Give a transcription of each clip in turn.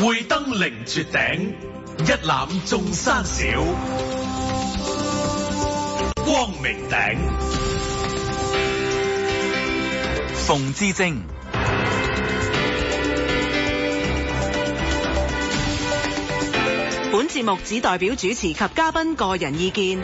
會登凌絕頂，一覽眾山小。光明頂，馮智政。本節目只代表主持及嘉賓個人意見。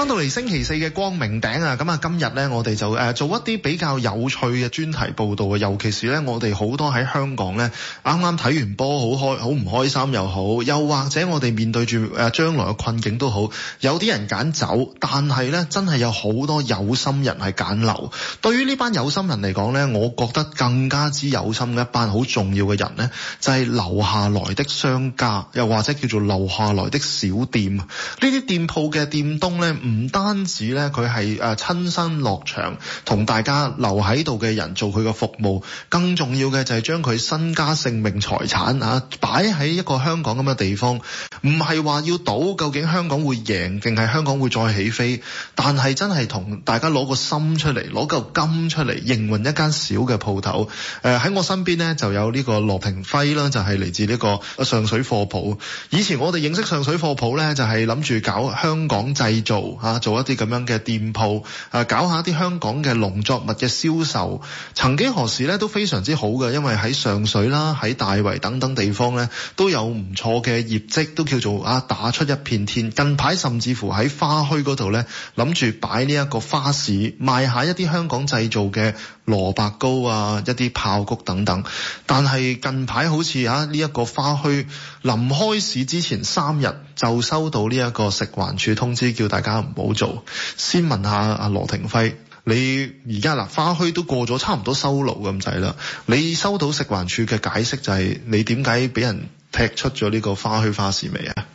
翻到嚟星期四嘅光明頂啊！咁啊，今日呢，我哋就誒做一啲比較有趣嘅專題報導啊！尤其是呢，我哋好多喺香港呢，啱啱睇完波好開，好唔開心又好，又或者我哋面對住誒將來嘅困境都好，有啲人揀走，但係呢，真係有好多有心人係揀留。對於呢班有心人嚟講呢，我覺得更加之有心嘅一班好重要嘅人呢，就係留下來的商家，又或者叫做留下來的小店。呢啲店鋪嘅店東呢，唔單止呢，佢係誒親身落場，同大家留喺度嘅人做佢個服務，更重要嘅就係將佢身家性命財產啊擺喺一個香港咁嘅地方，唔係話要賭究竟香港會贏定係香港會再起飛，但係真係同大家攞個心出嚟，攞嚿金出嚟，營運一間小嘅鋪頭。誒、呃、喺我身邊呢，就有呢個羅庭輝啦，就係、是、嚟自呢個上水貨鋪。以前我哋認識上水貨鋪呢，就係諗住搞香港製造。嚇、啊、做一啲咁樣嘅店鋪，誒、啊、搞下啲香港嘅農作物嘅銷售，曾經何時呢都非常之好嘅，因為喺上水啦、喺大圍等等地方呢都有唔錯嘅業績，都叫做啊打出一片天。近排甚至乎喺花墟嗰度呢，諗住擺呢一個花市，賣下一啲香港製造嘅蘿蔔糕啊，一啲爆谷等等，但係近排好似嚇呢一個花墟臨開市之前三日就收到呢一個食環署通知，叫大家唔好做。先問下阿羅庭輝，你而家嗱花墟都過咗差唔多收爐咁滯啦，你收到食環署嘅解釋就係、是、你點解俾人踢出咗呢個花墟花市未啊？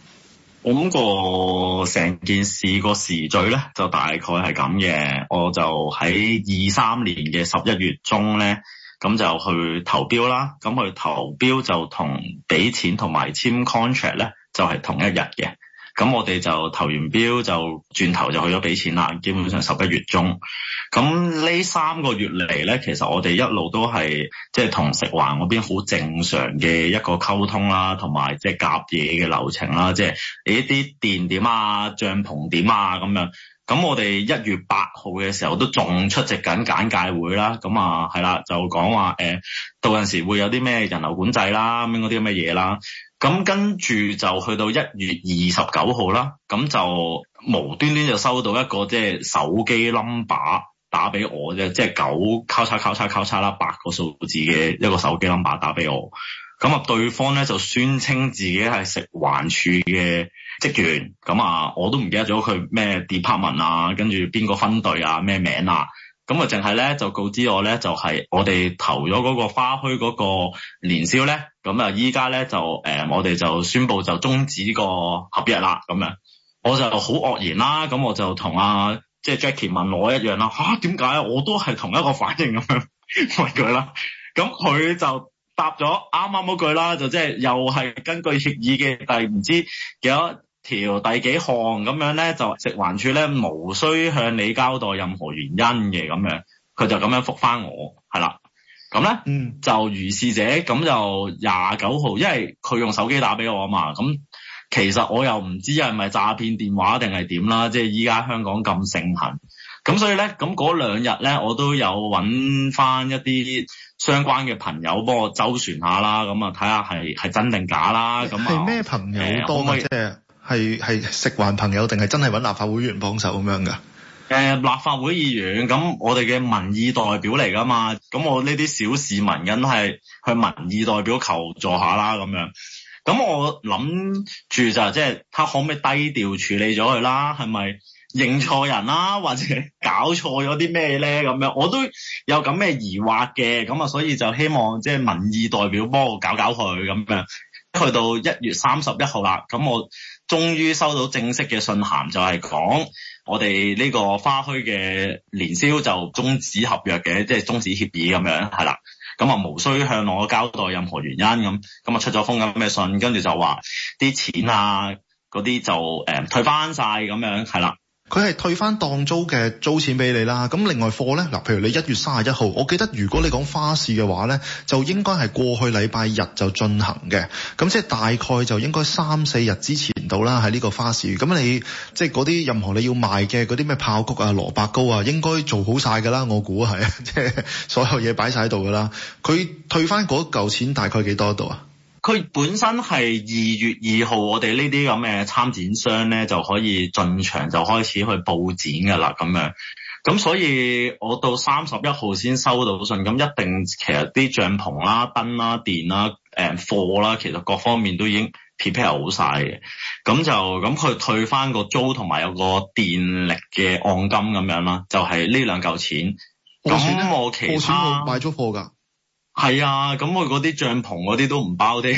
我諗過成件事個時序咧，就大概係咁嘅。我就喺二三年嘅十一月中咧，咁就去投標啦。咁去投標就同俾錢同埋簽 contract 咧，就係同一日嘅。咁我哋就投完標就轉頭就去咗俾錢啦。基本上十一月中。咁呢三個月嚟咧，其實我哋一路都係即係同食環嗰邊好正常嘅一個溝通啦，同埋即係夾嘢嘅流程啦。即係你一啲電點啊、帳篷點啊咁樣。咁我哋一月八號嘅時候都仲出席緊簡介會啦。咁啊係啦，就講話誒到陣時會有啲咩人流管制啦，咁嗰啲咁嘅嘢啦。咁跟住就去到一月二十九號啦，咁就無端端就收到一個即係手機 number。打俾我啫，即係九交叉交叉交叉啦，八個數字嘅一個手機 number 打俾我。咁啊，對方咧就宣稱自己係食環署嘅職員。咁啊，我都唔記得咗佢咩 department 啊，跟住邊個分隊啊，咩名啊。咁啊，淨係咧就告知我咧，就係、是、我哋投咗嗰個花墟嗰個年宵咧。咁啊，依家咧就誒、呃，我哋就宣布就終止個合約啦。咁樣我就好愕然啦。咁我就同阿。即係 Jackie 問我一樣啦嚇，點解我都係同一個反應咁樣問佢啦，咁 佢去了 就答咗啱啱嗰句啦，就即係又係根據協議嘅第唔知第幾多條第幾項咁樣咧，就食環署咧無需向你交代任何原因嘅咁樣，佢就咁樣復翻我係啦，咁咧、嗯、就如是者咁就廿九號，因為佢用手機打俾我啊嘛，咁。其實我又唔知係咪詐騙電話定係點啦，即係依家香港咁盛行，咁所以咧，咁嗰兩日咧，我都有揾翻一啲相關嘅朋友幫我周旋下啦，咁啊睇下係係真定假啦。咁係咩朋友？多咪？即係係係食環朋友定係真係揾立法會議員幫手咁樣㗎？誒、呃，立法會議員咁，我哋嘅民意代表嚟㗎嘛，咁我呢啲小市民梗係去民意代表求助下啦，咁樣。咁我諗住就即係，他可唔可以低調處理咗佢啦？係咪認錯人啦，或者搞錯咗啲咩咧？咁樣我都有咁嘅疑惑嘅，咁啊，所以就希望即係民意代表幫我搞搞佢咁樣。去到一月三十一號啦，咁我終於收到正式嘅信函，就係講我哋呢個花墟嘅年宵就終止合約嘅，即係終止協議咁樣，係啦。咁啊，無需向我交代任何原因咁，咁啊出咗封咁嘅信，跟住就話啲錢啊嗰啲就誒、呃、退翻晒。咁樣係啦。佢係退翻當租嘅租錢俾你啦。咁另外貨呢，嗱，譬如你一月三十一號，我記得如果你講花市嘅話呢，就應該係過去禮拜日就進行嘅。咁即係大概就應該三四日之前到啦，喺呢個花市。咁你即係嗰啲任何你要賣嘅嗰啲咩炮谷啊、蘿蔔糕啊，應該做好晒㗎啦。我估係即係所有嘢擺晒喺度㗎啦。佢退翻嗰嚿錢大概幾多度啊？佢本身係二月二號，我哋呢啲咁嘅參展商咧就可以進場就開始去佈展㗎啦。咁樣咁所以我到三十一號先收到信，咁一定其實啲帳篷啦、燈啦、電啦、誒貨啦，其實各方面都已經 prepare 好晒嘅。咁就咁佢退翻個租同埋有個電力嘅按金咁樣啦，就係、是、呢兩嚿錢。咁我其他買咗貨㗎。係啊，咁佢嗰啲帳篷嗰啲都唔包啲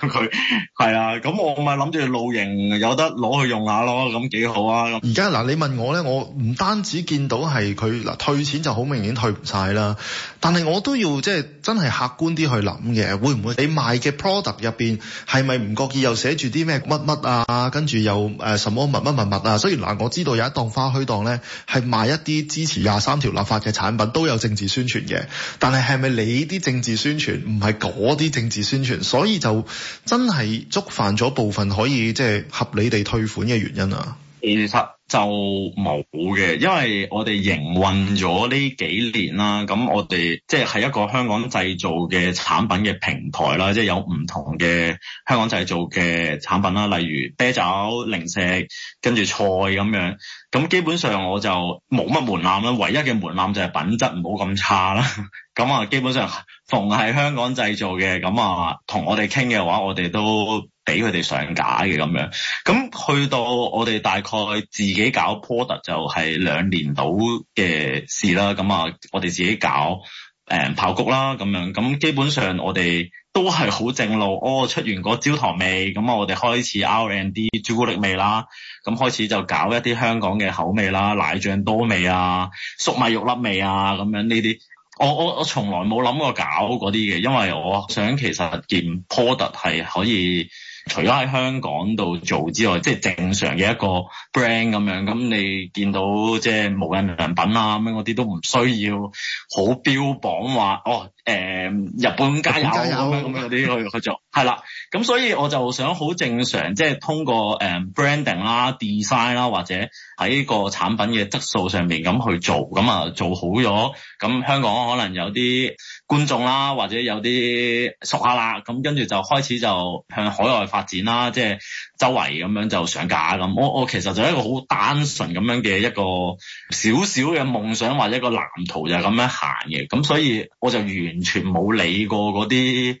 佢，係 啊，咁我咪諗住露營有得攞去用下咯，咁幾好啊咁。而家嗱，你問我咧，我唔單止見到係佢嗱退錢就好明顯退唔晒啦。但係我都要即係真係客觀啲去諗嘅，會唔會你賣嘅 product 入邊係咪唔覺意又寫住啲咩乜乜啊？跟住又誒什麼物乜物物啊？雖然嗱，我知道有一檔花墟檔呢係賣一啲支持廿三條立法嘅產品，都有政治宣傳嘅。但係係咪你啲政治宣傳唔係嗰啲政治宣傳，所以就真係觸犯咗部分可以即係合理地退款嘅原因啊？誒，插。就冇嘅，因為我哋營運咗呢幾年啦，咁我哋即係係一個香港製造嘅產品嘅平台啦，即係有唔同嘅香港製造嘅產品啦，例如啤酒、零食、跟住菜咁樣，咁基本上我就冇乜門檻啦，唯一嘅門檻就係品質唔好咁差啦，咁 啊基本上。同係香港製造嘅，咁啊，同我哋傾嘅話，我哋都俾佢哋上架嘅咁樣。咁去到我哋大概自己搞 port 就係兩年到嘅事啦。咁啊，我哋自己搞誒爆、呃、谷啦，咁樣、啊。咁基本上我哋都係好正路。哦，出完個焦糖味，咁啊，我哋開始 R and D 朱古力味啦，咁開始就搞一啲香港嘅口味啦，奶醬多味啊，粟米肉粒味啊，咁樣呢啲。我我我從來冇諗過搞嗰啲嘅，因為我想其實件 product 係可以。除咗喺香港度做之外，即係正常嘅一個 brand 咁樣，咁你見到即係無印良品啊咁樣嗰啲都唔需要好標榜話哦誒、嗯、日本加油咁樣嗰啲去 去做，係啦。咁所以我就想好正常，即係通過誒 branding 啦、啊、design 啦、啊，或者喺個產品嘅質素上面咁去做，咁啊做好咗。咁香港可能有啲。觀眾啦，或者有啲熟客啦，咁跟住就開始就向海外發展啦，即係周圍咁樣就上架咁。我我其實就係一個好單純咁樣嘅一個少少嘅夢想或者一個藍圖就係咁樣行嘅，咁所以我就完全冇理過嗰啲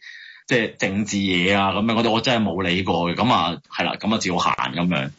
即係政治嘢啊咁樣，我我真係冇理過嘅。咁啊係啦，咁啊照行咁樣。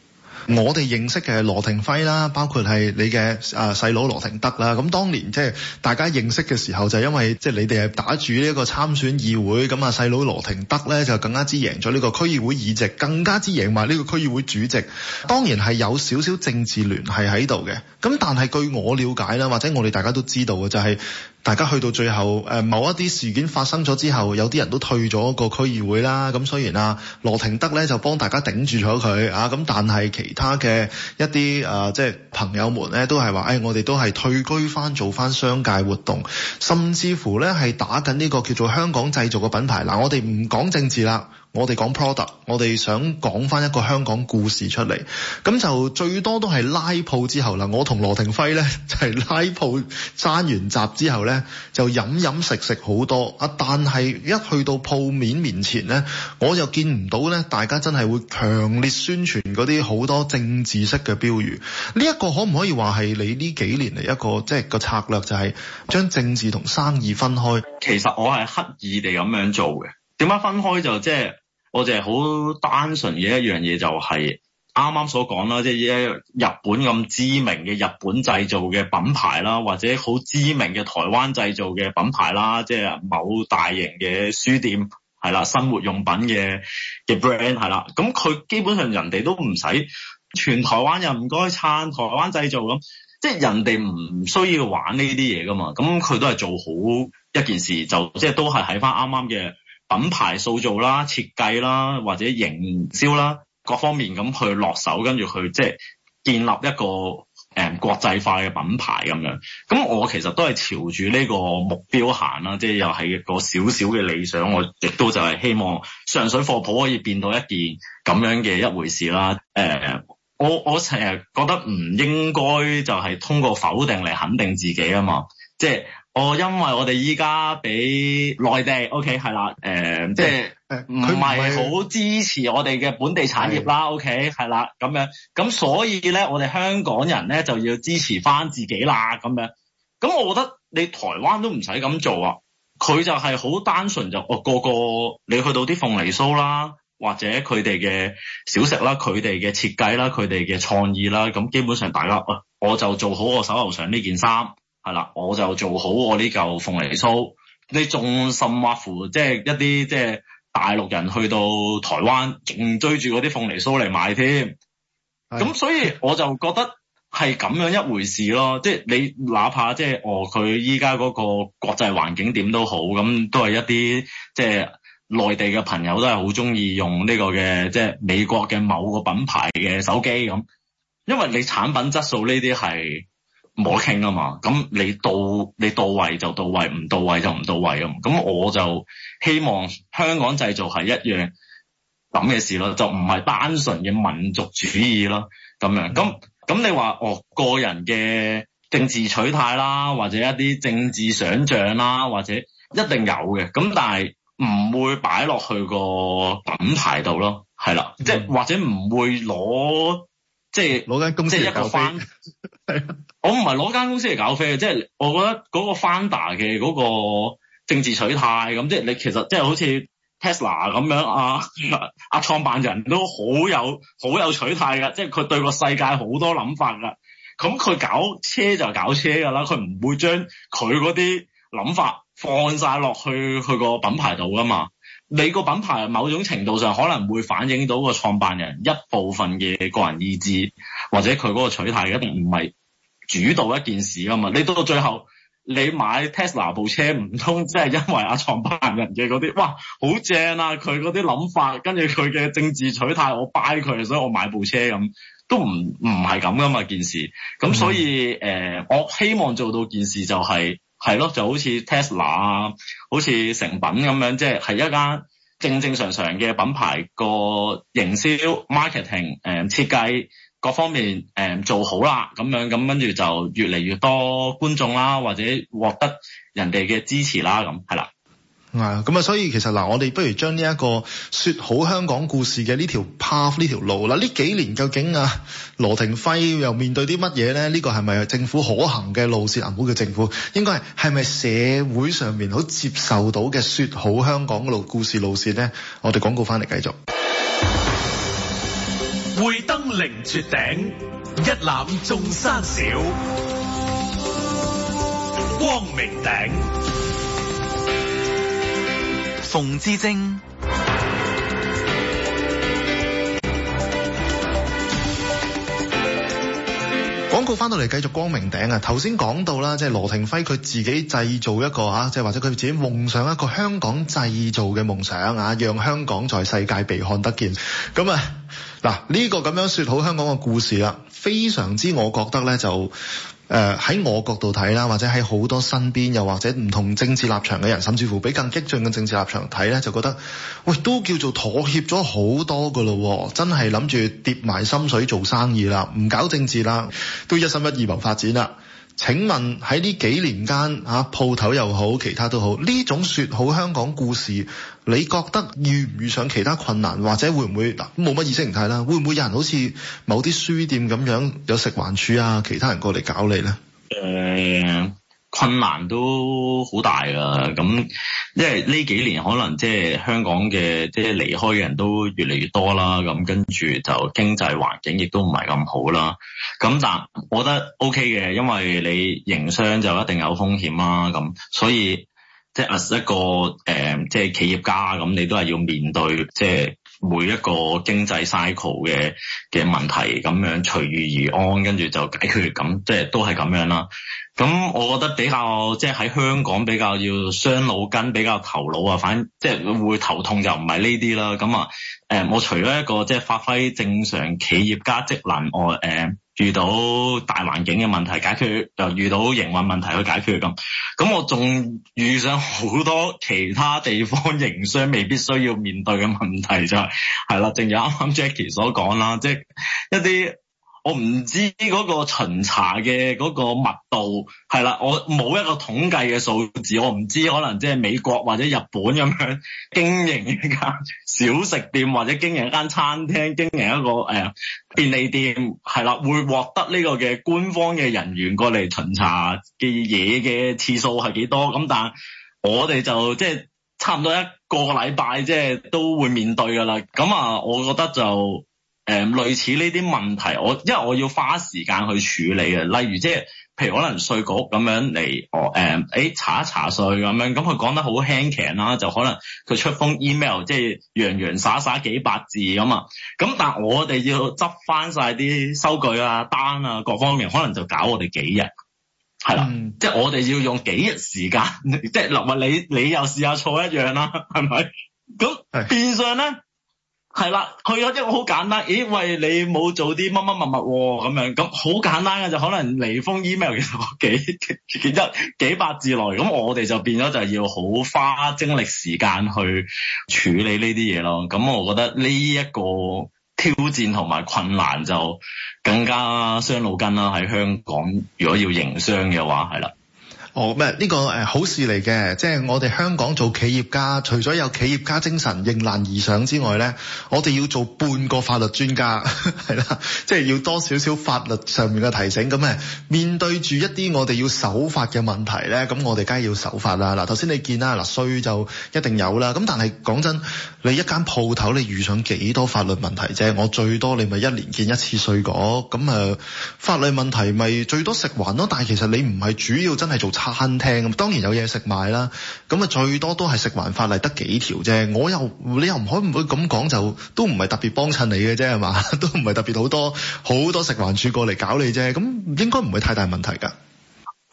我哋認識嘅係羅庭輝啦，包括係你嘅啊細佬羅庭德啦。咁當年即係大家認識嘅時候，就係因為即係你哋係打住呢一個參選議會，咁啊細佬羅庭德咧就更加之贏咗呢個區議會議席，更加之贏埋呢個區議會主席。當然係有少少政治聯繫喺度嘅。咁但係據我了解啦，或者我哋大家都知道嘅就係。大家去到最後誒某一啲事件發生咗之後，有啲人都退咗個區議會啦。咁雖然啊，羅庭德咧就幫大家頂住咗佢啊，咁但係其他嘅一啲啊、呃，即係朋友們咧都係話誒我哋都係退居翻做翻商界活動，甚至乎咧係打緊呢個叫做香港製造嘅品牌。嗱，我哋唔講政治啦，我哋講 product，我哋想講翻一個香港故事出嚟。咁就最多都係拉鋪之後啦。我同羅庭輝咧就係、是、拉鋪爭完閘之後咧。就飲飲食食好多，啊！但係一去到鋪面面前呢，我就見唔到呢大家真係會強烈宣傳嗰啲好多政治式嘅標語。呢、這個、一個可唔可以話係你呢幾年嚟一個即係個策略，就係將政治同生意分開？其實我係刻意地咁樣做嘅。點解分開就即、是、係我就係好單純嘅一樣嘢、就是，就係。啱啱所講啦，即係一日本咁知名嘅日本製造嘅品牌啦，或者好知名嘅台灣製造嘅品牌啦，即係某大型嘅書店係啦，生活用品嘅嘅 brand 係啦，咁、嗯、佢基本上人哋都唔使，全台灣又唔該撐台灣製造咁，即係人哋唔需要玩呢啲嘢㗎嘛。咁、嗯、佢都係做好一件事，就即係都係喺返啱啱嘅品牌塑造啦、設計啦或者營銷啦。各方面咁去落手，跟住去即係建立一個誒國際化嘅品牌咁樣。咁我其實都係朝住呢個目標行啦，即係又係一個少少嘅理想。我亦都就係希望上水貨鋪可以變到一件咁樣嘅一回事啦。誒、呃，我我成日、呃、覺得唔應該就係通過否定嚟肯定自己啊嘛，即係。哦，因為我哋依家俾內地，OK 係啦，誒、呃，即係是誒，唔係好支持我哋嘅本地產業啦是的，OK 係啦，咁樣，咁所以咧，我哋香港人咧就要支持返自己啦，咁樣，咁我覺得你台灣都唔使咁做啊，佢就係好單純就，哦個個你去到啲鳳梨酥啦，或者佢哋嘅小食啦，佢哋嘅設計啦，佢哋嘅創意啦，咁基本上大家，我就做好我手頭上呢件衫。係啦，我就做好我呢嚿鳳梨酥，你仲甚或乎即係一啲即係大陸人去到台灣仲追住嗰啲鳳梨酥嚟買添，咁的所以我就覺得係咁樣一回事咯，即係你哪怕即係哦佢依家嗰個國際環境點都好，咁都係一啲即係內地嘅朋友都係好中意用呢個嘅即係美國嘅某個品牌嘅手機咁，因為你產品質素呢啲係。冇得傾啊嘛，咁你到你到位就到位，唔到位就唔到位啊嘛。咁我就希望香港製造係一樣咁嘅事咯，就唔係單純嘅民族主義咯咁樣。咁咁你話哦個人嘅政治取態啦，或者一啲政治想像啦，或者一定有嘅。咁但係唔會擺落去個品牌度咯，係啦，即係、就是、或者唔會攞。即係攞間公司嚟搞飛， 我唔係攞間公司嚟搞飛，即係 我覺得嗰個 founder 嘅嗰個政治取態咁，即係你其實即係好似 Tesla 咁樣啊，阿、啊啊啊、創辦人都好有好有取態㗎，即係佢對個世界好多諗法㗎。咁佢搞車就搞車㗎啦，佢唔會將佢嗰啲諗法放晒落去佢個品牌度㗎嘛。你個品牌某種程度上可能會反映到個創辦人一部分嘅個人意志，或者佢嗰個取態一定唔係主導一件事噶嘛。你到最後你買 Tesla 部車，唔通即係因為阿創辦人嘅嗰啲，哇，好正啊！佢嗰啲諗法，跟住佢嘅政治取態，我 buy 佢，所以我買部車咁，都唔唔係咁噶嘛件事。咁所以誒、嗯呃，我希望做到件事就係、是。係咯，就好似 Tesla 啊，好似成品咁樣，即係係一間正正常常嘅品牌個營銷 marketing，誒設計各方面誒、呃、做好啦咁樣，咁跟住就越嚟越多觀眾啦，或者獲得人哋嘅支持啦，咁係啦。啊，咁啊、嗯，所以其實嗱，我哋不如將呢一個説好香港故事嘅呢條 path 呢條路，嗱，呢幾年究竟啊羅庭輝又面對啲乜嘢咧？呢個係咪政府可行嘅路線啊？唔好叫政府應該係係咪社會上面好接受到嘅説好香港嘅路故事路線咧？我哋廣告翻嚟繼續。會登凌絕頂，一覽眾山小。光明頂。馮智政，廣告翻到嚟繼續光明頂啊！頭先講到啦，即係羅庭輝佢自己製造一個吓，即係或者佢自己夢想一個香港製造嘅夢想啊，讓香港在世界被看得見。咁啊，嗱呢個咁樣說好香港嘅故事啦，非常之我覺得呢就。呃，喺我角度睇啦，或者喺好多身邊，又或者唔同政治立場嘅人，甚至乎比更激進嘅政治立場睇呢，就覺得喂，都叫做妥協咗好多噶咯，真係諗住跌埋心水做生意啦，唔搞政治啦，都一心一意謀發展啦。請問喺呢幾年間，嚇、啊、鋪頭又好，其他都好，呢種説好香港故事，你覺得遇唔遇上其他困難，或者會唔會嗱冇乜意識形態啦？會唔會有人好似某啲書店咁樣有食環署啊，其他人過嚟搞你呢？誒、嗯。嗯困難都好大㗎。咁因為呢幾年可能即係香港嘅即係離開嘅人都越嚟越多啦，咁跟住就經濟環境亦都唔係咁好啦。咁但我覺得 OK 嘅，因為你營商就一定有風險啦，咁所以即係一個誒即係企業家咁，你都係要面對即係每一個經濟 cycle 嘅嘅問題，咁樣隨遇而安，跟住就解決，咁即係都係咁樣啦。咁我覺得比較即係喺香港比較要傷腦筋，比較頭腦啊，反正即係會頭痛就唔係呢啲啦。咁啊，誒、呃、我除咗一個即係發揮正常企業家職能外，誒、呃、遇到大環境嘅問題解決，又遇到營運問題去解決咁，咁我仲遇上好多其他地方 營商未必需要面對嘅問題就係係啦，正如啱啱 Jackie 所講啦，即、就、係、是、一啲。我唔知嗰個巡查嘅嗰個密度係啦，我冇一個統計嘅數字，我唔知可能即係美國或者日本咁樣經營一間小食店或者經營一間餐廳、經營一個誒、呃、便利店係啦，會獲得呢個嘅官方嘅人員過嚟巡查嘅嘢嘅次數係幾多咁，但係我哋就即係、就是、差唔多一個禮拜即係都會面對㗎啦。咁啊，我覺得就～誒類似呢啲問題，我因為我要花時間去處理嘅，例如即係，譬如可能稅局咁樣嚟，我誒，誒、嗯哎、查一查稅咁樣，咁佢講得好輕強啦，就可能佢出封 email，即係洋洋灑灑幾百字咁啊，咁但係我哋要執翻晒啲收據啊、單啊各方面，可能就搞我哋幾日，係啦，即係、嗯、我哋要用幾日時間，即係嗱，你你又試下錯一樣啦，係咪？咁變相咧。係啦，去咗即係好簡單，咦喂，你冇做啲乜乜乜物喎咁樣，咁好簡單嘅就可能嚟封 email 其實我幾幾得幾百字內，咁我哋就變咗就要好花精力時間去處理呢啲嘢咯。咁我覺得呢一個挑戰同埋困難就更加傷腦筋啦。喺香港如果要營商嘅話，係啦。哦，咩、這、呢個誒好事嚟嘅，即係我哋香港做企業家，除咗有企業家精神，迎難而上之外咧，我哋要做半個法律專家，係啦，即係要多少少法律上面嘅提醒。咁誒面對住一啲我哋要守法嘅問題咧，咁我哋梗係要守法啦。嗱，頭先你見啦，嗱，衰就一定有啦。咁但係講真，你一間鋪頭你遇上幾多法律問題啫？我最多你咪一年見一次稅嗰，咁誒法律問題咪最多食環咯。但係其實你唔係主要真係做。餐廳咁當然有嘢食賣啦，咁啊最多都係食環法例得幾條啫。我又你又唔可唔可以咁講，就都唔係特別幫襯你嘅啫係嘛，都唔係特別好多好多食環署過嚟搞你啫，咁應該唔會太大問題噶。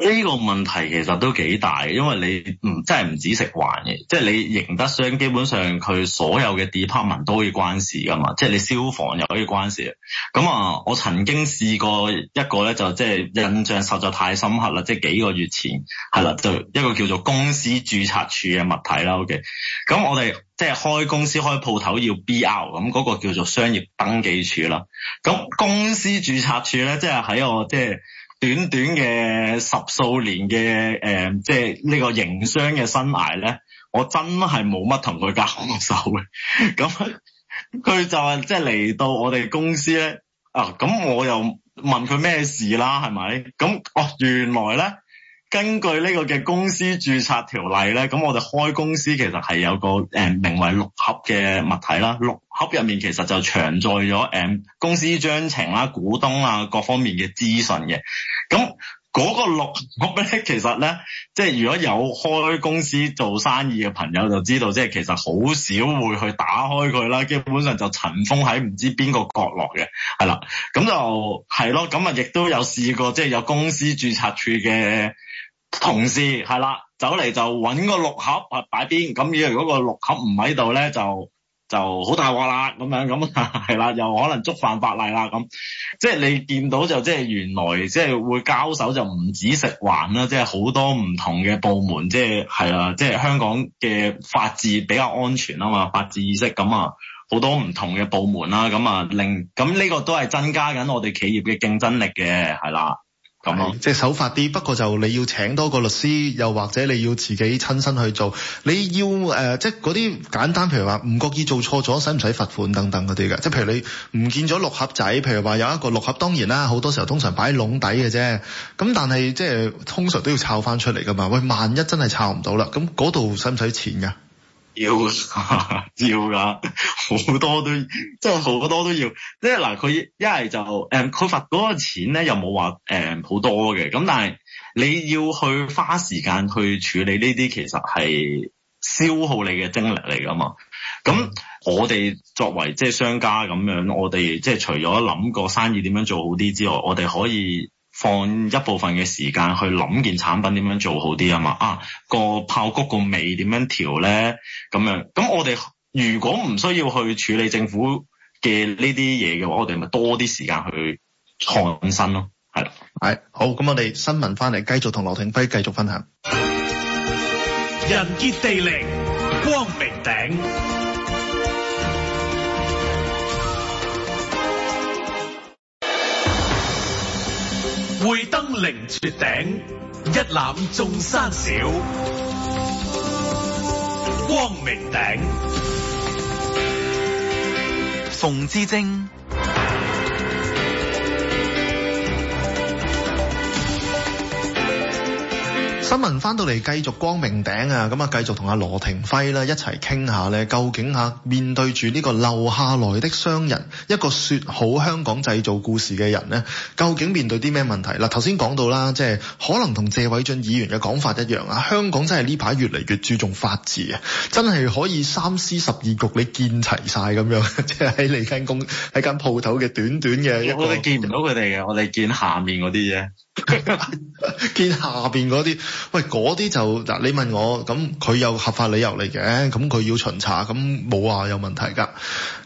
呢個問題其實都幾大嘅，因為你唔真係唔止食環嘅，即係你贏得商，基本上佢所有嘅 department 都可以關事噶嘛，即係你消防又可以關事。咁啊，我曾經試過一個咧，就即係印象實在太深刻啦，即係幾個月前係啦，就一個叫做公司註冊處嘅物體啦。OK，咁我哋即係開公司開鋪頭要 BR，咁嗰個叫做商業登記處啦。咁公司註冊處咧，即係喺我即係。短短嘅十數年嘅誒，即係呢個營商嘅生涯咧，我真係冇乜同佢交手嘅。咁 佢 就係即係嚟到我哋公司咧啊！咁我又問佢咩事啦，係咪？咁哦，原來咧～根據呢個嘅公司註冊條例咧，咁我哋開公司其實係有個誒、呃、名為「綠盒」嘅物體啦。綠盒入面其實就藏在咗誒公司章程啦、股東啊各方面嘅資訊嘅。咁嗰個「綠盒」咧，其實咧即係如果有開公司做生意嘅朋友就知道，即係其實好少會去打開佢啦。基本上就塵封喺唔知邊個角落嘅係啦。咁就係咯，咁啊亦都有試過即係有公司註冊處嘅。同事係啦，走嚟就揾個六盒啊擺邊，咁如果個六盒唔喺度咧，就就好大鑊啦咁樣，咁係啦，又可能觸犯法例啦咁，即係你見到就即係原來即係會交手就唔止食環啦，即係好多唔同嘅部門，即係係啦，即係香港嘅法治比較安全啊嘛，法治意識咁啊，好多唔同嘅部門啦，咁啊令咁呢個都係增加緊我哋企業嘅競爭力嘅，係啦。咁即係守法啲，不過就你要請多個律師，又或者你要自己親身去做。你要誒，即係嗰啲簡單，譬如話唔覺意做錯咗，使唔使罰款等等嗰啲嘅？即係譬如你唔見咗六盒仔，譬如話有一個六盒，當然啦，好多時候通常擺喺籠底嘅啫。咁但係即係通常都要抄翻出嚟噶嘛。喂，萬一真係抄唔到啦，咁嗰度使唔使錢噶？要噶，要噶，好多都真係好多都要，即係嗱，佢一係就，誒，佢罰嗰個錢咧又冇話，誒，好多嘅，咁但係你要去花時間去處理呢啲，其實係消耗你嘅精力嚟噶嘛。咁、嗯、我哋作為即係商家咁樣，我哋即係除咗諗個生意點樣做好啲之外，我哋可以。放一部分嘅時間去諗件產品點樣做好啲，啊嘛，啊個炮谷個味點樣調，咧咁樣。咁我哋如果唔需要去處理政府嘅呢啲嘢嘅話，我哋咪多啲時間去創新咯，係啦，係好。咁我哋新聞翻嚟繼續同羅庭輝繼續分享。人傑地靈，光明頂。會登凌絕頂，一覽眾山小。光明頂，馮智政。新聞翻到嚟，繼續光明頂啊！咁啊，繼續同阿羅庭輝啦一齊傾下咧，究竟嚇面對住呢個留下來的商人，一個説好香港製造故事嘅人咧，究竟面對啲咩問題？嗱，頭先講到啦，即係可能同謝偉俊議員嘅講法一樣啊，香港真係呢排越嚟越注重法治啊，真係可以三思十二局，你見齊晒咁樣，即係喺你間工喺間鋪頭嘅短短嘅一個，我哋見唔到佢哋嘅，我哋見，見下面嗰啲啫， 見下邊嗰啲。喂，嗰啲就嗱，你問我咁，佢有合法理由嚟嘅，咁佢要巡查，咁冇話有問題噶。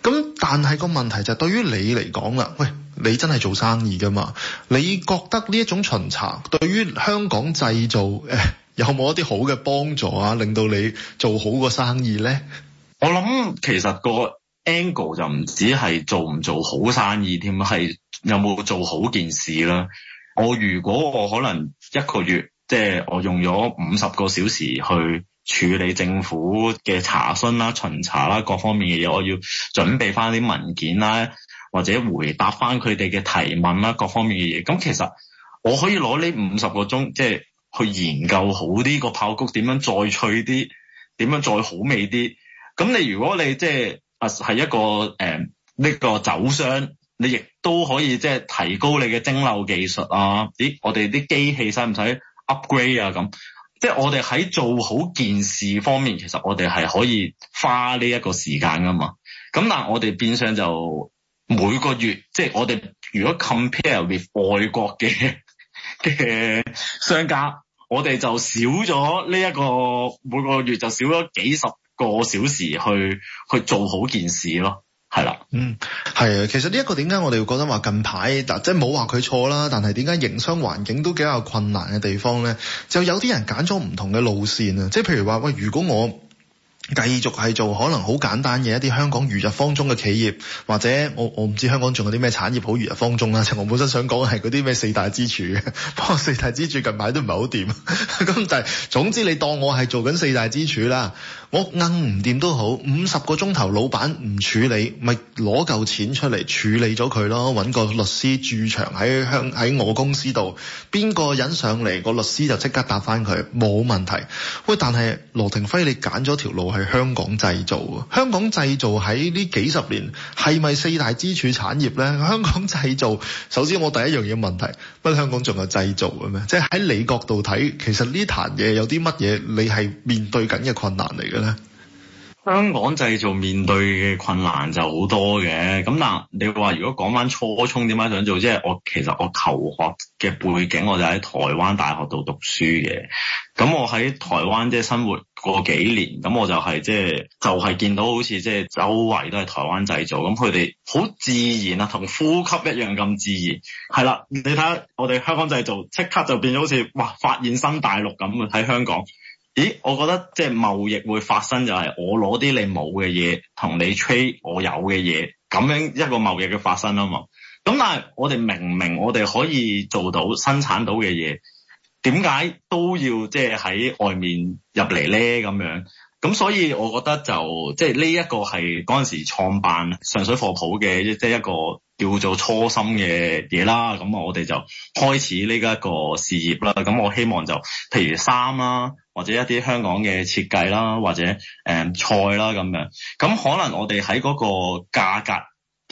咁但係個問題就係對於你嚟講啦，喂，你真係做生意噶嘛？你覺得呢一種巡查對於香港製造誒有冇一啲好嘅幫助啊，令到你做好個生意咧？我諗其實個 angle 就唔止係做唔做好生意添，係有冇做好件事啦。我如果我可能一個月。即係我用咗五十個小時去處理政府嘅查詢啦、巡查啦各方面嘅嘢，我要準備翻啲文件啦，或者回答翻佢哋嘅提問啦各方面嘅嘢。咁其實我可以攞呢五十個鐘，即係去研究好呢個炮谷點樣再脆啲，點樣再好味啲。咁你如果你即係啊係一個誒呢、呃呢個酒商，你亦都可以即係提高你嘅蒸餾技術啊。咦，我哋啲機器使唔使？Upgrade 啊，咁，即係我哋喺做好件事方面，其實我哋係可以花呢一個時間㗎嘛。咁但係我哋變相就每個月，即係我哋如果 compare with 外國嘅嘅 商家，我哋就少咗呢一個每個月就少咗幾十個小時去去做好件事咯。係啦，嗯，係啊，其實呢一個點解我哋會覺得話近排嗱，即係冇話佢錯啦，但係點解營商環境都比較困難嘅地方咧，就有啲人揀咗唔同嘅路綫啊，即係譬如話喂，如果我繼續係做可能好簡單嘅一啲香港如日方中嘅企業，或者我我唔知香港仲有啲咩產業好如日方中啦。即我本身想講係嗰啲咩四大支柱，不 過四大支柱近排都唔係好掂，咁 但係總之你當我係做緊四大支柱啦。我、哦、硬唔掂都好，五十個鐘頭老闆唔處理，咪攞嚿錢出嚟處理咗佢咯。揾個律師駐場喺香喺我公司度，邊個人上嚟，個律師就即刻答翻佢，冇問題。喂，但係羅庭輝你揀咗條路係香港製造，香港製造喺呢幾十年係咪四大支柱產業呢？香港製造，首先我第一樣嘢問題，乜香港仲有製造嘅咩？即係喺你角度睇，其實呢壇嘢有啲乜嘢你係面對緊嘅困難嚟嘅？香港製造面對嘅困難就好多嘅，咁但你話如果講翻初衷，點解想做？即係我其實我求學嘅背景，我就喺台灣大學度讀書嘅。咁我喺台灣即係生活過幾年，咁我就係即係就係見到好似即係周圍都係台灣製造，咁佢哋好自然啊，同呼吸一樣咁自然。係啦，你睇下我哋香港製造，即刻就變咗好似哇發現新大陸咁啊！喺香港。咦，我覺得即係貿易會發生就係我攞啲你冇嘅嘢同你 trade 我有嘅嘢，咁樣一個貿易嘅發生啊嘛。咁但係我哋明明，我哋可以做到生產到嘅嘢，點解都要即係喺外面入嚟咧咁樣？咁所以我覺得就即係呢一個係嗰陣時創辦上水貨埔嘅即係一個叫做初心嘅嘢啦。咁我哋就開始呢一個事業啦。咁我希望就譬如衫啦、啊，或者一啲香港嘅設計啦，或者誒、嗯、菜啦咁樣，咁、嗯、可能我哋喺嗰個價格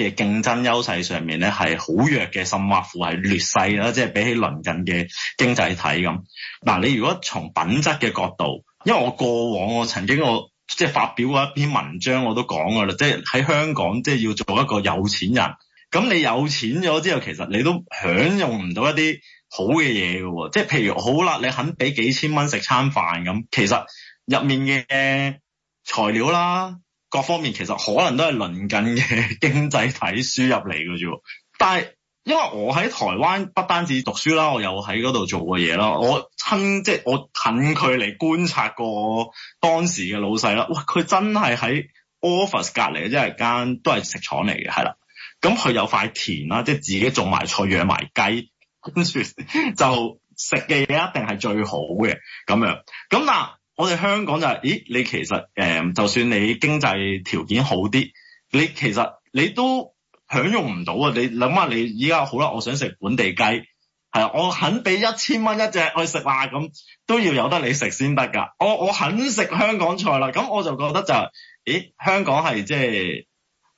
嘅競爭優勢上面咧係好弱嘅，甚至乎係劣勢啦，即係比起鄰近嘅經濟體咁。嗱、啊，你如果從品質嘅角度，因為我過往我曾經我即係發表過一篇文章，我都講過啦，即係喺香港即係要做一個有錢人，咁你有錢咗之後，其實你都享用唔到一啲好嘅嘢㗎喎，即係譬如好啦，你肯俾幾千蚊食餐飯咁，其實入面嘅材料啦，各方面其實可能都係鄰近嘅經濟體輸入嚟嘅啫。但係因為我喺台灣，不單止讀書啦，我有喺嗰度做過嘢啦，我親即係我近距離觀察過當時嘅老細啦。哇，佢真係喺 office 隔離，即係間都係食廠嚟嘅，係啦。咁佢有塊田啦，即係自己種埋菜、養埋雞。跟住 就食嘅嘢一定係最好嘅咁樣。咁嗱，我哋香港就係、是，咦？你其實誒、呃，就算你經濟條件好啲，你其實你都享用唔到啊！你諗下，你依家好啦，我想食本地雞，係啊，我肯俾一千蚊一隻去食啊，咁都要有得你食先得㗎。我我肯食香港菜啦，咁我就覺得就係、是，咦？香港係即係。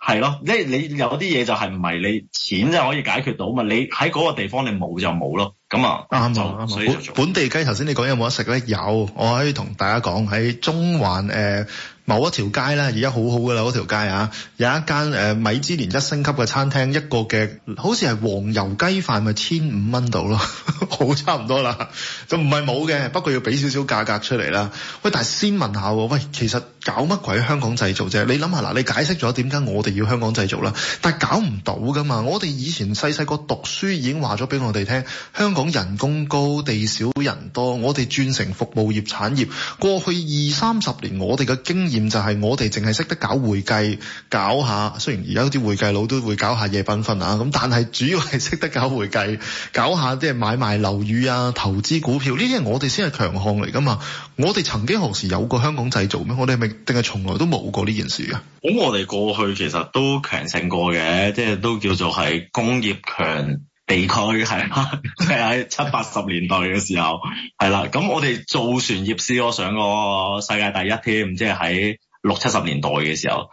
係咯，即係你有啲嘢就係唔係你錢就可以解決到嘛？你喺嗰個地方你冇就冇咯。咁啊啱啊，所以本地雞頭先你講有冇得食咧？有，我可以同大家講喺中環誒、呃、某一條街咧，而家好好噶啦嗰條街啊，有一間誒、呃、米芝蓮一星級嘅餐廳，一個嘅好似係黃油雞飯咪千五蚊到咯，好差唔多啦。就唔係冇嘅，不過要俾少少價格出嚟啦。喂，但係先問下喎，喂，其實。搞乜鬼香港製造啫？你諗下嗱，你解釋咗點解我哋要香港製造啦，但係搞唔到噶嘛！我哋以前細細個讀書已經話咗俾我哋聽，香港人工高、地少人多，我哋轉成服務業產業。過去二三十年，我哋嘅經驗就係我哋淨係識得搞會計，搞下雖然而家啲會計佬都會搞下夜班瞓啊，咁但係主要係識得搞會計，搞下即係買賣樓宇啊、投資股票，呢啲我哋先係強項嚟噶嘛！我哋曾經何時有過香港製造咩？我哋明？定係從來都冇過呢件事啊？咁我哋過去其實都強盛過嘅，即係都叫做係工業強地區，係嘛？係 喺七八十年代嘅時候，係啦。咁我哋造船業試，試過上過世界第一添，即係喺六七十年代嘅時候。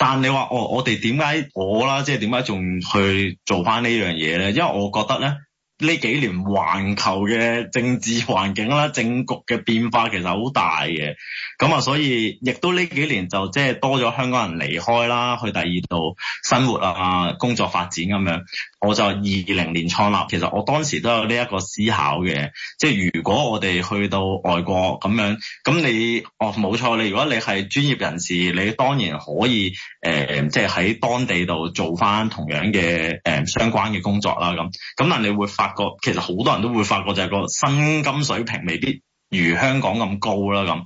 但你話我我哋點解我啦？即係點解仲去做翻呢樣嘢咧？因為我覺得咧。呢幾年環球嘅政治環境啦，政局嘅變化其實好大嘅，咁啊，所以亦都呢幾年就即係多咗香港人離開啦，去第二度生活啊、工作發展咁樣。我就二零年創立，其實我當時都有呢一個思考嘅，即係如果我哋去到外國咁樣，咁你哦，冇錯，你如果你係專業人士，你當然可以誒、呃，即係喺當地度做返同樣嘅誒、呃、相關嘅工作啦咁。咁但你會發覺，其實好多人都會發覺就係個薪金水平未必如香港咁高啦咁。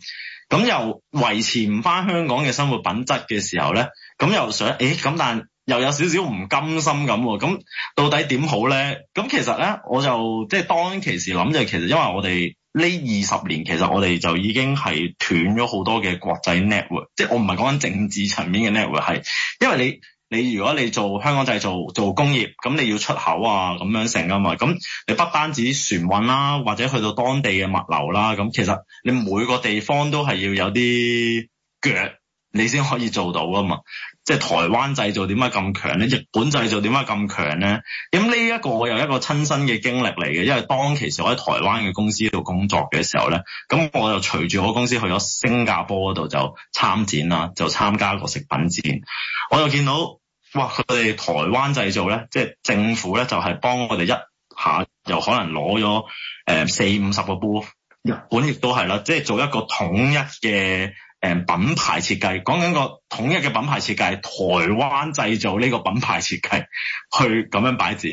咁又維持唔返香港嘅生活品質嘅時候咧，咁又想誒咁但。又有少少唔甘心咁喎，咁到底點好咧？咁其實咧，我就即係當其時諗就係其實，因為我哋呢二十年其實我哋就已經係斷咗好多嘅國際 network，即係我唔係講緊政治層面嘅 network，係因為你你如果你做香港製造做工業，咁你要出口啊咁樣成啊嘛，咁你不單止船運啦，或者去到當地嘅物流啦，咁其實你每個地方都係要有啲腳。你先可以做到啊嘛！即係台灣製造點解咁強咧？日本製造點解咁強咧？咁呢一個我有一個親身嘅經歷嚟嘅，因為當其時我喺台灣嘅公司度工作嘅時候咧，咁我就隨住我公司去咗新加坡嗰度就參展啦，就參加個食品展，我就見到哇！佢哋台灣製造咧，即係政府咧就係、是、幫我哋一下，又可能攞咗誒四五十個杯。日本亦都係啦，即係做一個統一嘅。誒品牌設計，講緊個統一嘅品牌設計，台灣製造呢個品牌設計去咁樣擺展。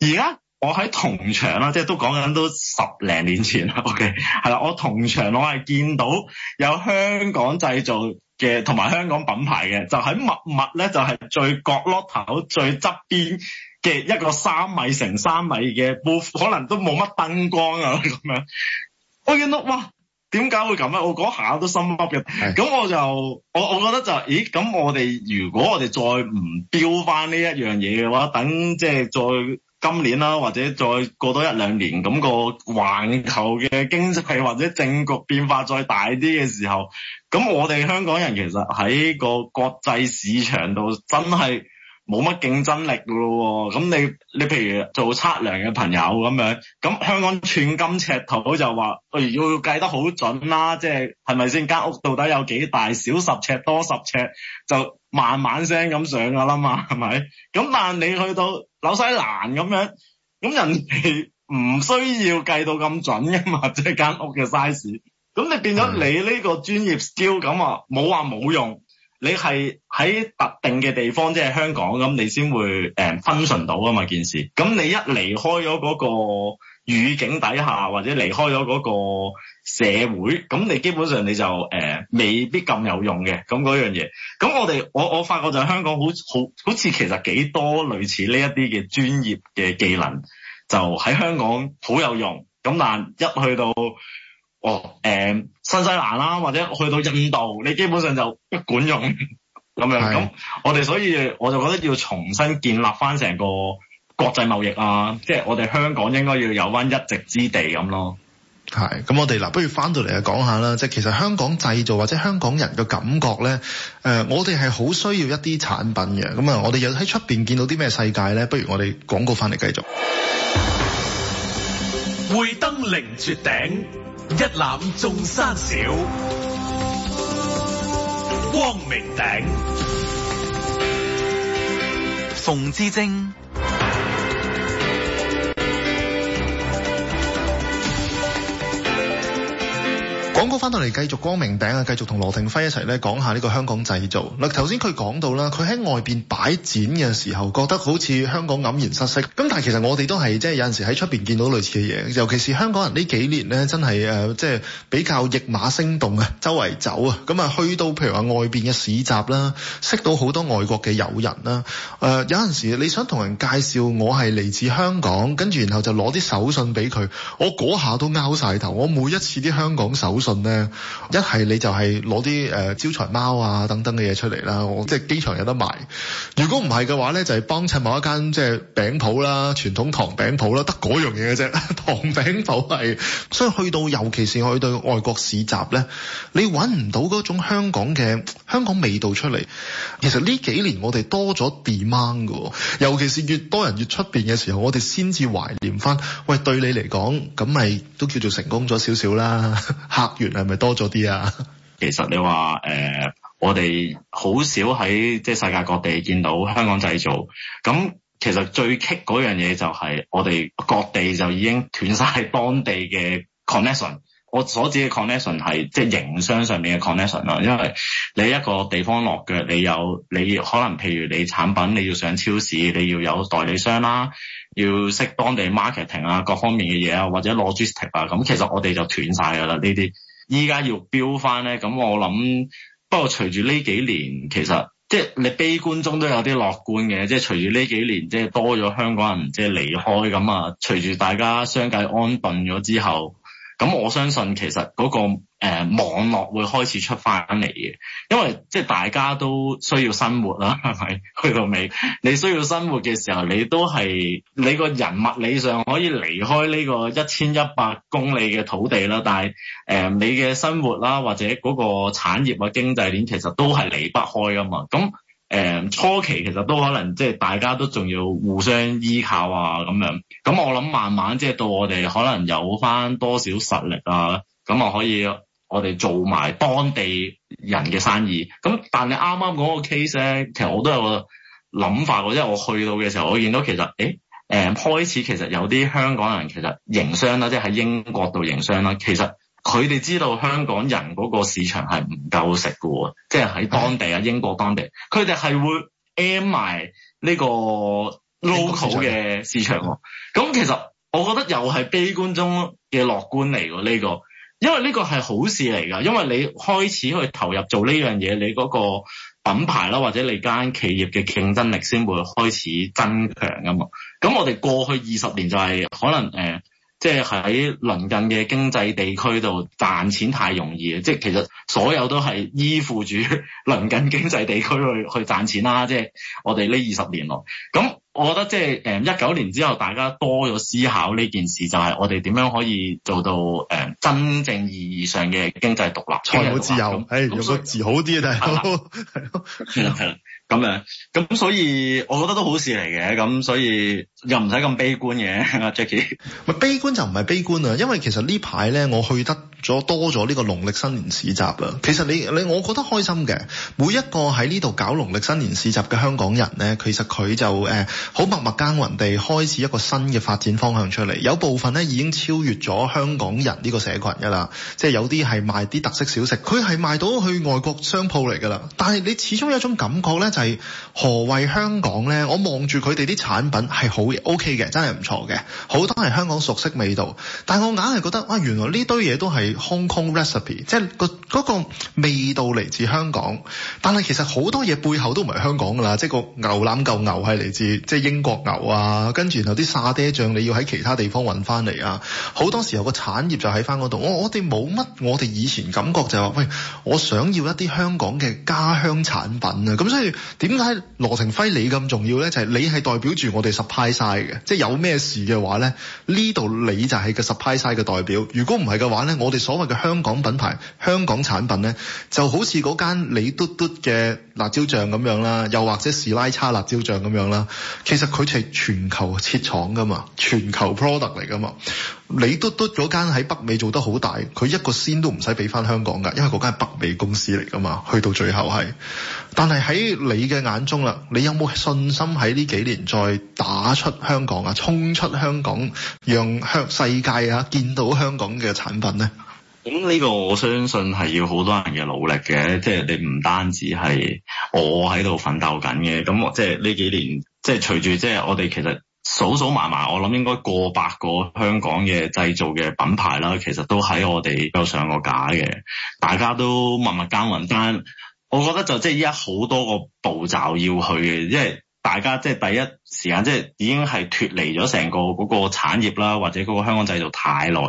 而家我喺同場啦，即係都講緊都十零年前啦。OK，係啦，我同場我係見到有香港製造嘅同埋香港品牌嘅，就喺密密咧，就係最角落頭最側邊嘅一個三米乘三米嘅布，可能都冇乜燈光啊咁樣。我見到哇！點解會咁咧？我嗰下都心急嘅，咁的我就我我覺得就，咦？咁我哋如果我哋再唔標翻呢一樣嘢嘅話，等即係再今年啦，或者再過多一兩年，咁、個環球嘅經濟或者政局變化再大啲嘅時候，咁我哋香港人其實喺個國際市場度真係。冇乜競爭力咯喎，咁你你譬如做測量嘅朋友咁樣，咁香港寸金尺土就話、哎，要計得好準啦、啊，即係係咪先間屋到底有幾大，少十尺多十尺，就慢慢聲咁上噶啦嘛，係咪？咁但係你去到紐西蘭咁樣，咁人哋唔需要計到咁準噶嘛，即係間屋嘅 size，咁你變咗你呢個專業 skill 咁話，冇話冇用。你係喺特定嘅地方，即係香港咁，你先會誒 function 到啊嘛件事。咁你一離開咗嗰個語境底下，或者離開咗嗰個社會，咁你基本上你就誒、uh, 未必咁有用嘅。咁嗰樣嘢，咁我哋我我發覺就係香港好好好似其實幾多類似呢一啲嘅專業嘅技能，就喺香港好有用。咁但一去到哦，誒、嗯，新西蘭啦，或者去到印度，你基本上就不管用咁樣。咁是我哋所以我就覺得要重新建立翻成個國際貿易啊，即係我哋香港應該要有翻一席之地咁咯。係，咁我哋嗱，不如翻到嚟啊，講下啦，即係其實香港製造或者香港人嘅感覺咧，誒，我哋係好需要一啲產品嘅。咁啊，我哋又喺出邊見到啲咩世界咧？不如我哋廣告翻嚟繼續。會登凌絕頂。一覽眾山小，光明頂，馮智政。廣告翻到嚟，繼續光明頂啊！繼續同羅庭輝一齊咧講下呢個香港製造嗱。頭先佢講到啦，佢喺外邊擺展嘅時候，覺得好似香港黯然失色。咁但係其實我哋都係即係有陣時喺出邊見到類似嘅嘢，尤其是香港人呢幾年咧，真係誒、呃、即係比較驛馬星動啊，周圍走啊。咁啊，去到譬如話外邊嘅市集啦，識到好多外國嘅友人啦。誒、呃、有陣時你想同人介紹我係嚟自香港，跟住然後就攞啲手信俾佢，我嗰下都拗晒頭。我每一次啲香港手信咧，一係你就係攞啲誒招財貓啊等等嘅嘢出嚟啦，我即係機場有得賣。如果唔係嘅話咧，就係、是、幫襯某一間即係餅鋪啦，傳統糖餅鋪啦，得嗰樣嘢嘅啫。糖餅鋪係，所以去到尤其是去到外國市集咧，你揾唔到嗰種香港嘅香港味道出嚟。其實呢幾年我哋多咗 demand 嘅，尤其是越多人越出邊嘅時候，我哋先至懷念翻。喂，對你嚟講咁咪都叫做成功咗少少啦，吓。原來係咪多咗啲啊？其實你話誒、呃，我哋好少喺即係世界各地見到香港製造。咁其實最棘嗰樣嘢就係我哋各地就已經斷晒當地嘅 connection。我所指嘅 connection 係即係營商上面嘅 connection 啊。因為你一個地方落腳，你有你可能譬如你產品你要上超市，你要有代理商啦，要識當地 marketing 啊，各方面嘅嘢啊，或者 logistic 啊。咁其實我哋就斷晒㗎啦呢啲。依家要飚翻咧，咁我諗不過隨住呢幾年，其實即係你悲觀中都有啲樂觀嘅，即係隨住呢幾年即係多咗香港人即係離開咁啊，隨住大家相繼安頓咗之後。咁我相信其實嗰、那個誒、呃、網絡會開始出返嚟嘅，因為即係大家都需要生活啦，係咪？去到尾，你需要生活嘅時候，你都係你個人物理上可以離開呢個一千一百公里嘅土地啦，但係誒、呃、你嘅生活啦，或者嗰個產業啊、經濟鏈其實都係離不開㗎嘛，咁。誒、嗯、初期其實都可能即係大家都仲要互相依靠啊咁樣，咁我諗慢慢即係到我哋可能有翻多少實力啊，咁啊可以我哋做埋當地人嘅生意。咁但係啱啱嗰個 case 咧，其實我都有個諗法喎，因為我去到嘅時候，我見到其實誒誒、欸嗯、開始其實有啲香港人其實營商啦，即係喺英國度營商啦，其實。佢哋知道香港人嗰個市場係唔夠食嘅，即係喺當地啊，的英國當地，佢哋係會 M 埋呢個 local 嘅市、市場，咁的其實我覺得又係悲觀中嘅樂觀嚟喎呢個，因為呢個係好事嚟㗎。因為你開始去投入做呢樣嘢，你嗰個品牌啦，或者你間企業嘅競爭力先會開始增強嘅嘛。咁我哋過去二十年就係可能誒。呃即係喺鄰近嘅經濟地區度賺錢太容易，即係其實所有都係依附住鄰近經濟地區去去賺錢啦，啊。即係我哋呢二十年咯。咁。我覺得即係誒一九年之後，大家多咗思考呢件事，就係我哋點樣可以做到誒真正意義上嘅經濟獨立、財好自由，誒唉用個字好啲啊！但係係咯，係咯， 係啦，咁樣咁，所以我覺得都好事嚟嘅，咁所以又唔使咁悲觀嘅 ，Jackie。咪悲觀就唔係悲觀啊，因為其實呢排咧我去得咗多咗呢個農曆新年市集啦。其實你你我覺得開心嘅，每一個喺呢度搞農曆新年市集嘅香港人呢，其實佢就誒好默默耕耘地開始一個新嘅發展方向出嚟。有部分呢已經超越咗香港人呢個社群㗎啦，即係有啲係賣啲特色小食，佢係賣到去外國商鋪嚟㗎啦。但係你始終有一種感覺呢，就係何謂香港呢？我望住佢哋啲產品係好 OK 嘅，真係唔錯嘅，好多係香港熟悉味道。但係我硬係覺得哇，原來呢堆嘢都係～Hong Kong recipe，即係個個味道嚟自香港，但係其實好多嘢背後都唔係香港㗎啦，即係個牛腩嚿牛係嚟自即係英國牛啊，跟住然後啲沙爹醬你要喺其他地方運翻嚟啊，好多時候個產業就喺翻嗰度。我我哋冇乜，我哋以前感覺就係話，喂，我想要一啲香港嘅家鄉產品啊。咁所以點解羅庭輝你咁重要咧？就係你係代表住我哋 supply side 嘅，即係有咩事嘅話咧，呢度你就係個 supply side 嘅代表。如果唔係嘅話咧，我哋。所謂嘅香港品牌、香港產品呢就好似嗰間李嘟嘟嘅辣椒醬咁樣啦，又或者士拉差辣椒醬咁樣啦。其實佢係全球設廠噶嘛，全球 product 嚟噶嘛。李嘟嘟嗰間喺北美做得好大，佢一個先都唔使俾翻香港噶，因為嗰間係北美公司嚟噶嘛。去到最後係，但係喺你嘅眼中啦，你有冇信心喺呢幾年再打出香港啊，衝出香港，讓香世界啊見到香港嘅產品呢？咁呢個我相信係要好多人嘅努力嘅，即係你唔單止係我喺度奮鬥緊嘅，咁我即係呢幾年，即係隨住即係我哋其實數數埋埋，我諗應該過百個香港嘅製造嘅品牌啦，其實都喺我哋有上過架嘅，大家都默默耕耘，但我覺得就即係依家好多個步驟要去嘅，因為。大家即係第一時間，即係已經係脫離咗成個嗰個產業啦，或者嗰個香港製造太耐，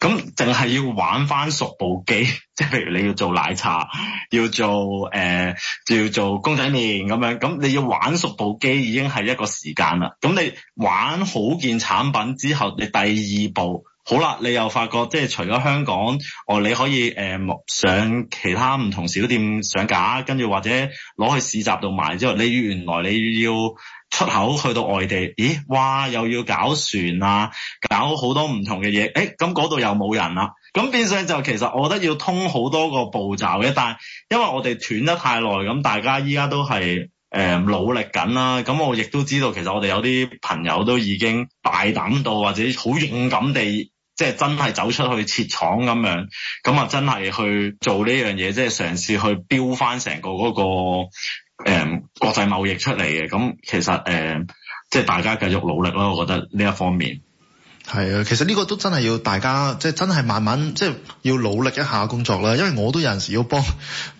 咁淨係要玩翻熟部機，即係譬如你要做奶茶，要做誒，呃、就要做公仔麪咁樣，咁你要玩熟部機已經係一個時間啦。咁你玩好件產品之後，你第二步。好啦，你又發覺即係除咗香港，哦，你可以誒、呃、上其他唔同小店上架，跟住或者攞去市集度賣之後，你原來你要出口去到外地，咦？哇，又要搞船啊，搞好多唔同嘅嘢，誒咁嗰度又冇人啦、啊，咁變相就其實我覺得要通好多個步驟嘅，但係因為我哋斷得太耐，咁大家依家都係。誒努力緊啦，咁我亦都知道，其實我哋有啲朋友都已經大膽到或者好勇敢地，即係真係走出去設廠咁樣，咁啊真係去做呢樣嘢，即係嘗試去飆返成個嗰、那個誒、嗯、國際貿易出嚟嘅。咁其實誒、呃，即係大家繼續努力咯，我覺得呢一方面。係啊，其實呢個都真係要大家即係、就是、真係慢慢即係、就是、要努力一下工作啦。因為我都有陣時要幫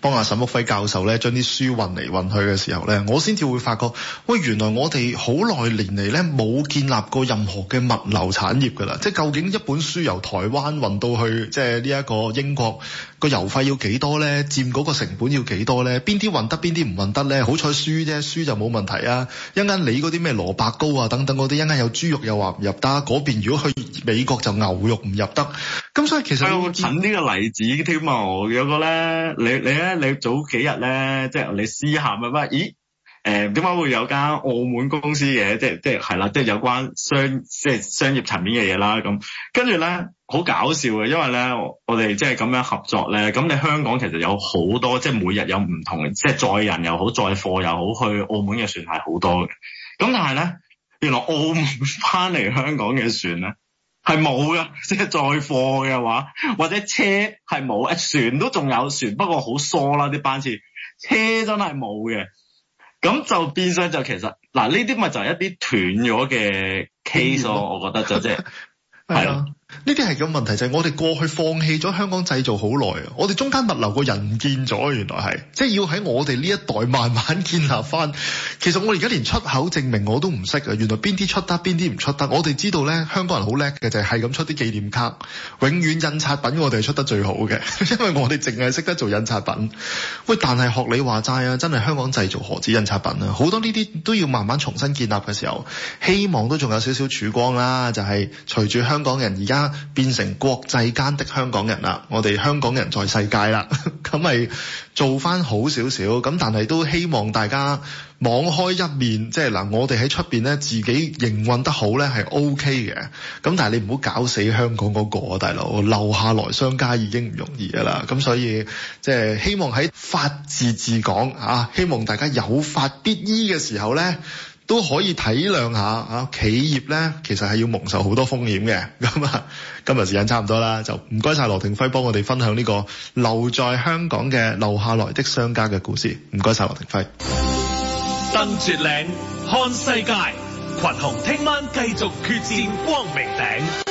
幫阿沈旭輝教授呢將啲書運嚟運去嘅時候呢，我先至會發覺，喂，原來我哋好耐年嚟呢冇建立過任何嘅物流產業㗎啦。即係究竟一本書由台灣運到去即係呢一個英國？個油費要幾多咧？佔嗰個成本要幾多咧？邊啲運得邊啲唔運得咧？好彩輸啫，輸就冇問題啊！一間你嗰啲咩蘿蔔糕啊等等嗰啲，一間有豬肉又話唔入得，嗰邊如果去美國就牛肉唔入得。咁所以其實，哎、我揾呢個例子添啊！有個咧，你你咧，你早幾日咧，即係你私下咪唔咦？誒點解會有間澳門公司嘅？即係即係係啦，即係有關商即係商業層面嘅嘢啦。咁跟住咧。好搞笑嘅，因為咧，我哋即係咁樣合作咧。咁你香港其實有好多即係每日有唔同嘅，即係載人又好、載貨又好去澳門嘅船係好多嘅。咁但係咧，原來澳門翻嚟香港嘅船咧係冇㗎，即係載貨嘅話或者車係冇，船都仲有船有，不過好疏啦啲班次，車真係冇嘅。咁就變相就其實嗱，呢啲咪就係一啲斷咗嘅 case 咯， 我覺得就即係係啊。呢啲係個問題，就係、是、我哋過去放棄咗香港製造好耐啊！我哋中間物流個人唔見咗，原來係即係要喺我哋呢一代慢慢建立返。其實我而家連出口證明我都唔識啊！原來邊啲出得，邊啲唔出得。我哋知道呢，香港人好叻嘅就係、是、咁出啲紀念卡，永遠印刷品我哋係出得最好嘅，因為我哋淨係識得做印刷品。喂，但係學你話齋啊，真係香港製造何止印刷品啊！好多呢啲都要慢慢重新建立嘅時候，希望都仲有少少曙光啦。就係、是、隨住香港人而家，變成國際間的香港人啦，我哋香港人在世界啦，咁 咪做翻好少少。咁但係都希望大家網開一面，即係嗱，我哋喺出邊呢，自己營運得好呢係 OK 嘅。咁但係你唔好搞死香港，嗰個大佬留下來商家，已經唔容易噶啦。咁所以即係希望喺法治治港啊，希望大家有法必依嘅時候呢。都可以體諒下啊，企業呢，其實係要蒙受好多風險嘅。咁啊，今日時間差唔多啦，就唔該晒羅庭輝幫我哋分享呢個留在香港嘅留下來的商家嘅故事。唔該晒羅庭輝。登絕嶺看世界，群雄聽晚繼續決戰光明頂。